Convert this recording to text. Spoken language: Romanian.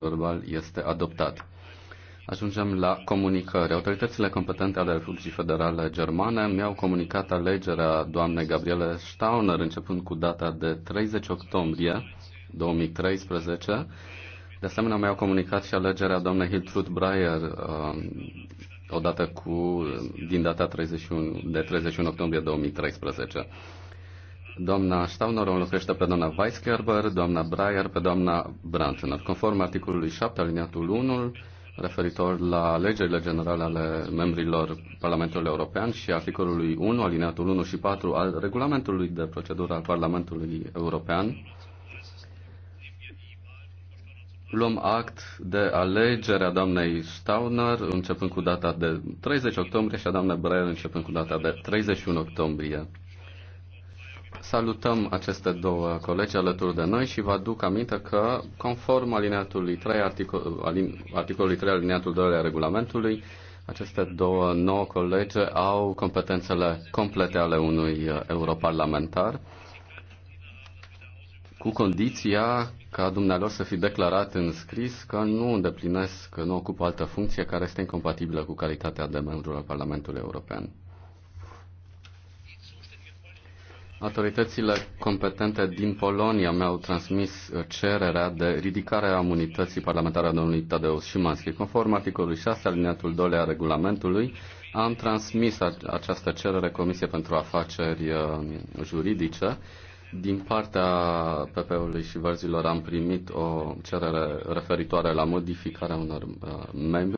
verbal este adoptat. Ajungem la comunicări. Autoritățile competente ale Republicii Federale Germane mi-au comunicat alegerea doamnei Gabriele Stauner începând cu data de 30 octombrie 2013. De asemenea, mi-au comunicat și alegerea doamnei Hiltrud Breyer um, odată cu, din data 31, de 31 octombrie 2013 doamna Staunor o înlocuiește pe doamna Weisgerber, doamna Breyer, pe doamna Brantner. Conform articolului 7, aliniatul 1, referitor la legile generale ale membrilor Parlamentului European și articolului 1, alineatul 1 și 4 al regulamentului de procedură al Parlamentului European, luăm act de a doamnei Stauner începând cu data de 30 octombrie și a doamnei Breyer începând cu data de 31 octombrie. Salutăm aceste două colegi alături de noi și vă aduc aminte că, conform alineatului 3, articol, articolului 3, alineatul 2 al regulamentului, aceste două nouă colegi au competențele complete ale unui europarlamentar, cu condiția ca dumnealor să fi declarat în scris că nu îndeplinesc, că nu ocupă altă funcție care este incompatibilă cu calitatea de membru al Parlamentului European. Autoritățile competente din Polonia mi-au transmis uh, cererea de ridicare a imunității parlamentare a domnului Tadeusz Szymanski. Conform articolului 6 alineatul 2 a regulamentului, am transmis această cerere Comisiei pentru Afaceri uh, Juridice. Din partea PP-ului și verzilor am primit o cerere referitoare la modificarea unor uh, membri.